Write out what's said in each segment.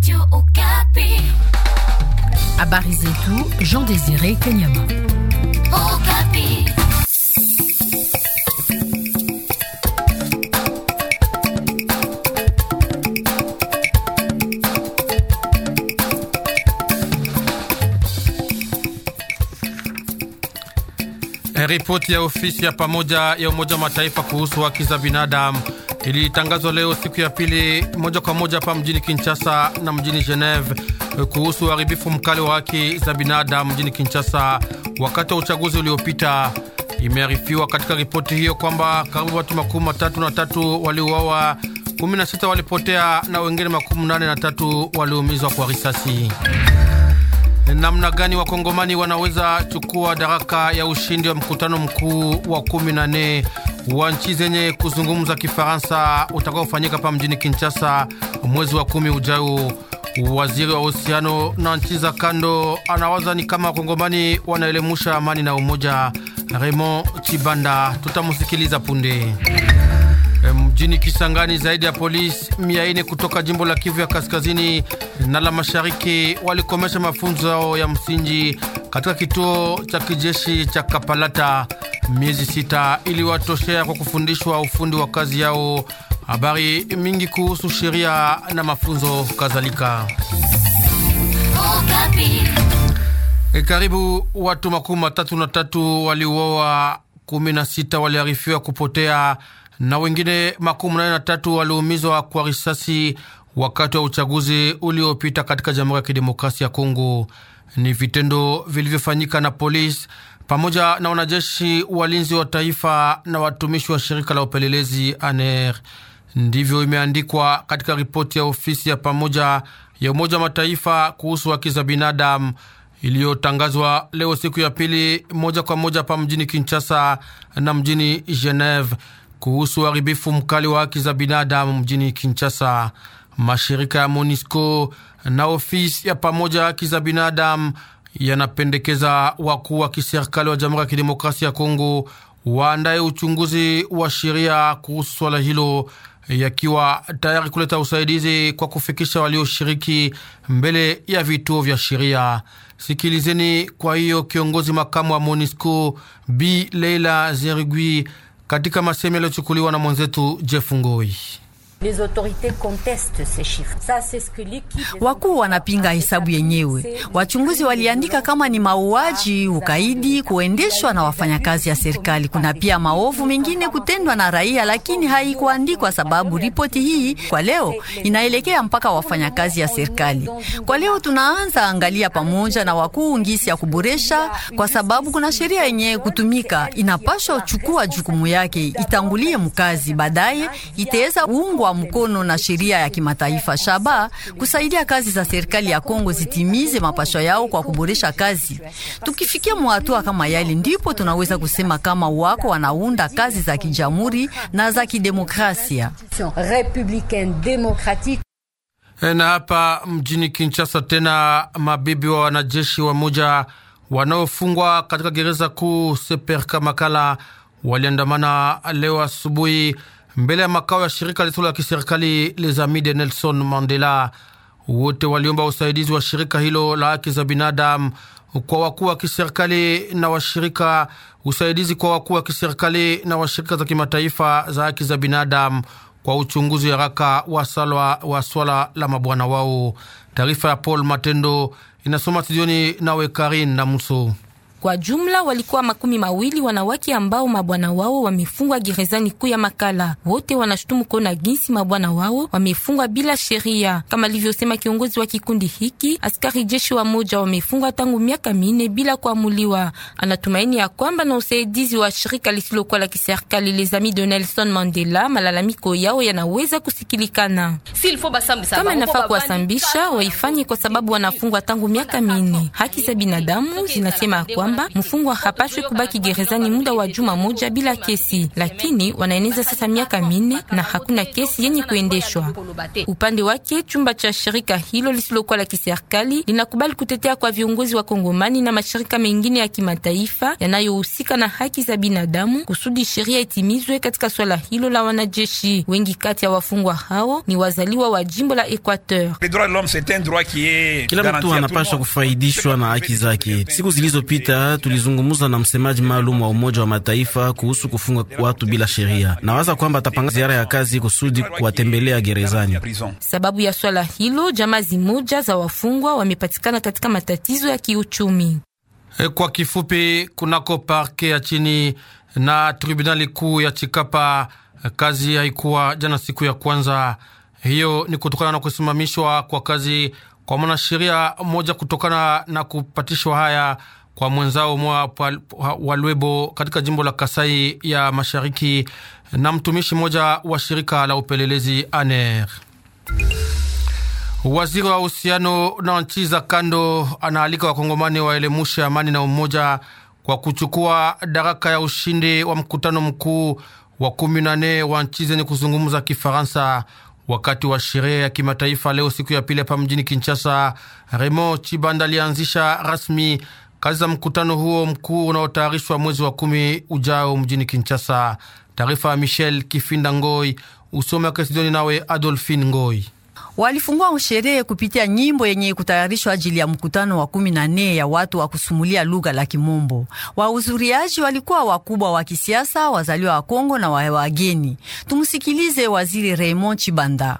Radio Okapi. Habari zetu, Jean Désiré Kanyama. Okapi. Ripoti ya ofisi ya pamoja ya Umoja wa Mataifa kuhusu haki za binadamu ilitangazwa leo siku ya pili moja kwa moja hapa mjini Kinshasa na mjini Geneve kuhusu uharibifu mkali wa haki za binadamu mjini Kinshasa wakati wa uchaguzi uliopita. Imearifiwa katika ripoti hiyo kwamba karibu watu makumi matatu na tatu waliuawa, 16 walipotea na wengine makumi nane na tatu waliumizwa kwa risasi. Namna gani wakongomani wanaweza chukua daraka ya ushindi wa mkutano mkuu wa 14 wa nchi zenye kuzungumza Kifaransa utakaofanyika pa mjini Kinshasa mwezi wa kumi ujao. Waziri wa uhusiano na nchi za kando anawaza ni kama wakongomani wanaelemusha amani na umoja. Raymond Chibanda tutamusikiliza punde. Mjini Kisangani, zaidi ya polisi mia ine kutoka jimbo la Kivu ya kaskazini na la mashariki walikomesha mafunzo yao ya msingi katika kituo cha kijeshi cha Kapalata. Miezi sita iliwatoshea kwa kufundishwa ufundi wa kazi yao, habari mingi kuhusu sheria na mafunzo kadhalika. E, karibu watu makumi matatu na tatu waliuawa, kumi na sita waliarifiwa kupotea na wengine makumi nane na tatu waliumizwa kwa risasi wakati wa uchaguzi uliopita katika Jamhuri ya Kidemokrasia ya Kongo. Ni vitendo vilivyofanyika na polisi pamoja na wanajeshi walinzi wa taifa na watumishi wa shirika la upelelezi ANR. Ndivyo imeandikwa katika ripoti ya ofisi ya pamoja ya Umoja wa Mataifa kuhusu haki za binadamu iliyotangazwa leo siku ya pili moja kwa moja pa mjini Kinshasa na mjini Geneve kuhusu uharibifu mkali wa haki za binadamu mjini Kinshasa. Mashirika ya MONUSCO na ofisi ya pamoja ya haki za binadamu yanapendekeza wakuu wa kiserikali wa Jamhuri ya Kidemokrasia ya Kongo waandaye uchunguzi wa sheria kuhusu swala hilo, yakiwa tayari kuleta usaidizi kwa kufikisha walioshiriki mbele ya vituo vya sheria. Sikilizeni kwa hiyo kiongozi makamu wa MONUSCO Bi Leila Zerigui katika masemi yaliyochukuliwa na mwenzetu Jeff Ngoi. Wakuu wanapinga hesabu yenyewe. Wachunguzi waliandika kama ni mauaji, ukaidi, kuendeshwa na wafanyakazi ya serikali. Kuna pia maovu mengine kutendwa na raia, lakini haikuandikwa sababu. Ripoti hii kwa leo inaelekea mpaka wafanyakazi ya serikali. Kwa leo tunaanza angalia pamoja na wakuu ngisi ya kuboresha, kwa sababu kuna sheria yenyewe kutumika, inapaswa chukua jukumu yake, itangulie mkazi, baadaye itaweza uungwa kuungwa mkono na sheria ya kimataifa shaba kusaidia kazi za serikali ya Kongo zitimize mapasho yao kwa kuboresha kazi. Tukifikia mwatua kama yale, ndipo tunaweza kusema kama wako wanaunda kazi za kijamhuri na za kidemokrasia eh, na hapa mjini Kinshasa tena mabibi wa wanajeshi wa moja wanaofungwa katika gereza kuu Seperka Makala waliandamana leo asubuhi mbele ya makao ya shirika lisilo la kiserikali de Nelson Mandela. Wote waliomba usaidizi wa shirika hilo la haki za binadamu kwa wakuu wa kiserikali na washirika, usaidizi kwa wakuu wa kiserikali na washirika za kimataifa za haki za binadamu kwa uchunguzi haraka wa swala la mabwana wao. Taarifa ya Paul Matendo inasoma studioni nawe Karin na Muso. Kwa jumla walikuwa makumi mawili wanawake ambao mabwana wao wamefungwa gerezani kuu ya Makala. Wote wanashutumu kuona jinsi mabwana wao wamefungwa bila sheria, kama alivyosema kiongozi wa kikundi hiki. Askari jeshi wa moja wamefungwa tangu miaka minne bila kuamuliwa. Anatumaini ya kwamba na usaidizi wa shirika lisilokuwa la kiserikali Les Amis de Nelson Mandela, malalamiko yao yanaweza kusikilikana. Kama inafaa kuwasambisha waifanye, kwa sababu wanafungwa tangu miaka minne. Haki za binadamu zinasema kwamba kwamba mfungwa hapashwe kubaki gerezani muda wa juma moja bila kesi, lakini wanaeneza sasa miaka minne na hakuna kesi yenye kuendeshwa. Upande wake, chumba cha shirika hilo lisilokuwa la kiserikali linakubali kutetea kwa viongozi wa Kongomani na mashirika mengine ya kimataifa yanayohusika na haki za binadamu kusudi sheria itimizwe katika swala hilo la wanajeshi. Wengi kati ya wafungwa hao ni wazaliwa wa jimbo la Equateur. Kila mtu anapaswa kufaidishwa na haki zake. Siku zilizopita tulizungumza na msemaji maalum wa Umoja wa Mataifa kuhusu kufunga watu bila sheria. Nawaza kwamba atapanga ziara ya kazi kusudi kuwatembelea gerezani. Sababu ya swala hilo, jamaa zimoja za wafungwa wamepatikana katika matatizo ya kiuchumi. Eh, kwa kifupi, kunako parke ya chini na tribunali kuu ya Chikapa eh, kazi haikuwa jana siku ya kwanza. Hiyo ni kutokana na kusimamishwa kwa kazi kwa mwanasheria mmoja kutokana na kupatishwa haya kwa mwenzao mwa Walwebo katika jimbo la Kasai ya Mashariki na mtumishi mmoja wa shirika la upelelezi ANER. Waziri wa uhusiano na nchi za kando anaalika wakongomani waelemushe amani na umoja kwa kuchukua daraka ya ushindi wa mkutano mkuu wa kumi na nne wa nchi zenye kuzungumza Kifaransa wakati wa sherehe ya kimataifa leo siku ya pili hapa mjini Kinshasa. Remo Chibanda alianzisha rasmi kazi za mkutano huo mkuu unaotayarishwa mwezi wa kumi ujao mjini Kinshasa. Taarifa ya Michel Kifinda Ngoi usome Kesidoni nawe adolfin Ngoi. Walifungua sherehe kupitia nyimbo yenye kutayarishwa ajili ya mkutano wa kumi na nne ya watu wa kusumulia lugha la Kimombo. Wahudhuriaji walikuwa wakubwa wa kisiasa, wazaliwa wa Kongo na wawageni. Tumsikilize Waziri Raymond Chibanda.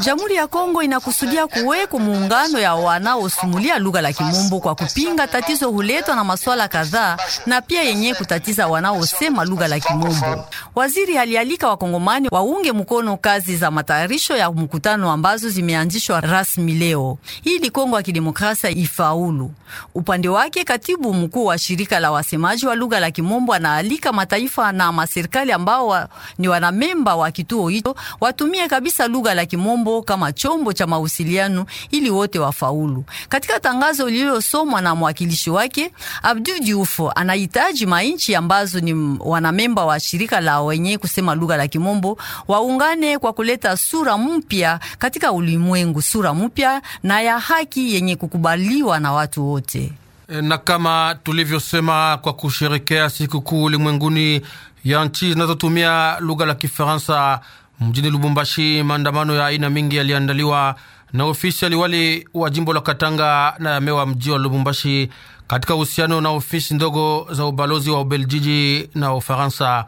Jamhuri ya Kongo inakusudia kuweko muungano ya wanaosumulia lugha la kimombo kwa kupinga tatizo huletwa na masuala kadhaa na pia yenye kutatiza wanaosema lugha la kimombo. Waziri alialika wakongomani waunge mkono kazi za matayarisho ya mkutano ambazo zimeanzishwa rasmi leo ili Kongo ya kidemokrasia ifaulu. Upande wake, katibu mkuu wa shirika la wasemaji wa lugha la kimombo anaalika mataifa na maserikali ambao wa, ni wanamemba wa kituo hicho watumie kabisa lugha la Kimombo kama chombo cha mawasiliano ili wote wafaulu. Katika tangazo lililosomwa na mwakilishi wake, Abdu Diouf anahitaji mainchi ambazo ni wanamemba wa shirika la wenye kusema lugha la Kimombo waungane kwa kuleta sura mpya katika ulimwengu, sura mpya na ya haki yenye kukubaliwa na watu wote eh, na kama tulivyosema kwa kusherekea sikukuu ulimwenguni ya nchi zinazotumia lugha la Kifaransa, Mjini Lubumbashi, maandamano ya aina mingi yaliandaliwa na ofisi ya liwali wa jimbo la Katanga na ya mewa mji wa Lubumbashi katika uhusiano na ofisi ndogo za ubalozi wa Ubeljiji na Ufaransa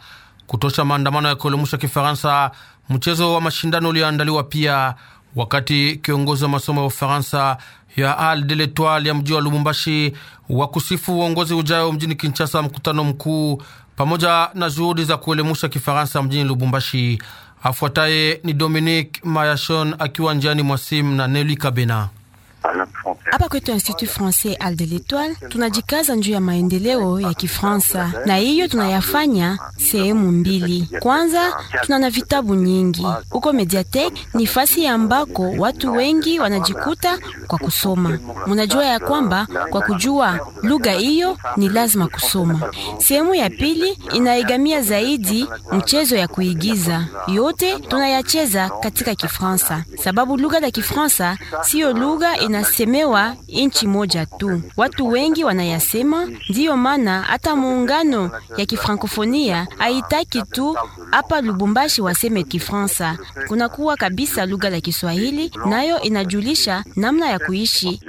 kutosha maandamano ya kuelemusha Kifaransa. Mchezo wa mashindano ulioandaliwa pia wakati kiongozi wa masomo ya Ufaransa ya Al de l'Etoile ya mji wa Lubumbashi wa kusifu uongozi ujayo mjini Kinshasa, mkutano mkuu pamoja na juhudi za kuelemusha Kifaransa mjini Lubumbashi. Afuataye ni Dominique Mayashon akiwa njiani mwa simu na Neli Kabena. Hapa kwetu Institut Francais Al de l'Etoile tunajikaza juu ya maendeleo ya Kifransa, na hiyo tunayafanya sehemu mbili. Kwanza, tuna na vitabu nyingi huko Mediatek, ni fasi ambako watu wengi wanajikuta kwa kusoma. Munajua ya kwamba kwa kujua lugha hiyo ni lazima kusoma. Sehemu ya pili inaigamia zaidi mchezo ya kuigiza, yote tunayacheza katika Kifransa sababu lugha la Kifransa siyo lugha inasemewa kuwa inchi moja tu. Watu wengi wanayasema, ndiyo maana hata muungano ya kifrankofonia haitaki tu hapa Lubumbashi waseme Kifransa, kuwa kabisa lugha la Kiswahili, nayo inajulisha namna ya kuishi.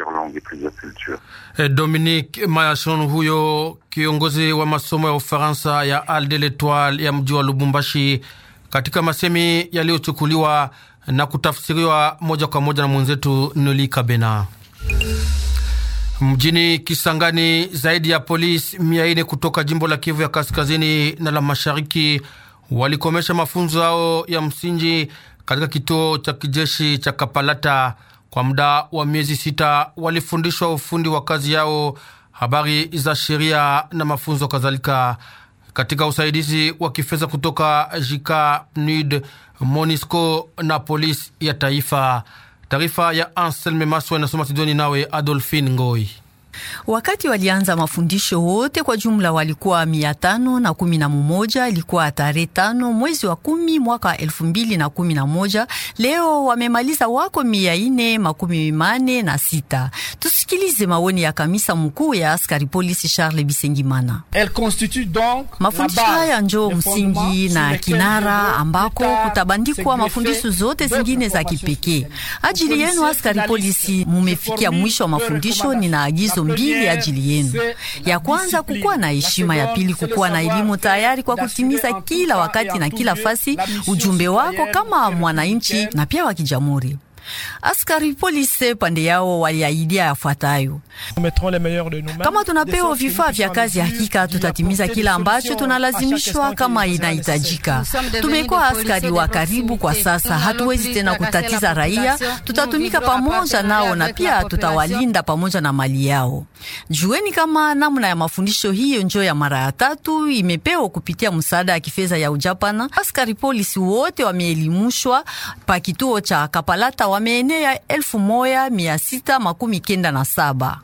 Eh, Dominique Mayashon huyo kiongozi wa masomo ya Ufaransa ya al de L'Etoile ya mji wa Lubumbashi, katika masemi yaliyochukuliwa na kutafsiriwa moja kwa moja na mwenzetu Noli Kabena. Mjini Kisangani, zaidi ya polisi mia ine kutoka jimbo la Kivu ya kaskazini na la mashariki walikomesha mafunzo yao ya msingi katika kituo cha kijeshi cha Kapalata kwa muda wa miezi sita. Walifundishwa ufundi wa kazi yao, habari za sheria na mafunzo kadhalika, katika usaidizi wa kifedha kutoka jika NUD, MONISCO na polisi ya taifa. Taarifa ya Anselme Maswa inasoma studioni nawe Adolfine Ngoi. Wakati walianza mafundisho wote kwa jumla walikuwa mia tano na kumi na mmoja. Ilikuwa tarehe tano mwezi wa kumi mwaka elfu mbili na kumi na moja. Leo wamemaliza wako mia ine makumi mane na sita. Tusikilize maoni ya kamisa mkuu ya askari polisi Charles Bisengimana. Mafundisho haya njoo msingi na kinara ambako kutabandikwa mafundisho zote zingine za kipekee. Ajili yenu askari polisi, mumefikia mwisho wa mafundisho, nina agizo mafunzo mbili ajili yenu: ya kwanza kukuwa na heshima, ya pili kukuwa na elimu tayari kwa kutimiza kila wakati na kila fasi ujumbe wako kama mwananchi na pia wa kijamhuri. Askari polisi pande yao waliahidia yafuatayo: kama tunapewa vifaa vya kazi, hakika tutatimiza kila ambacho tunalazimishwa kama inahitajika. Tumekuwa askari wa karibu kwa sasa, hatuwezi tena kutatiza raia. Tutatumika pamoja nao na pia tutawalinda pamoja na mali yao. Jueni kama namna ya mafundisho hiyo njo ya mara ya tatu imepewa kupitia msaada ya kifedha ya Ujapana. Askari polisi wote wameelimushwa pa kituo cha Kapalata wameenea 1697.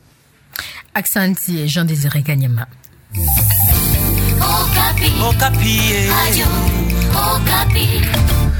Aksanti Jean Desire Kanyama. Okapi. Okapi. Eh. Ayu, Okapi.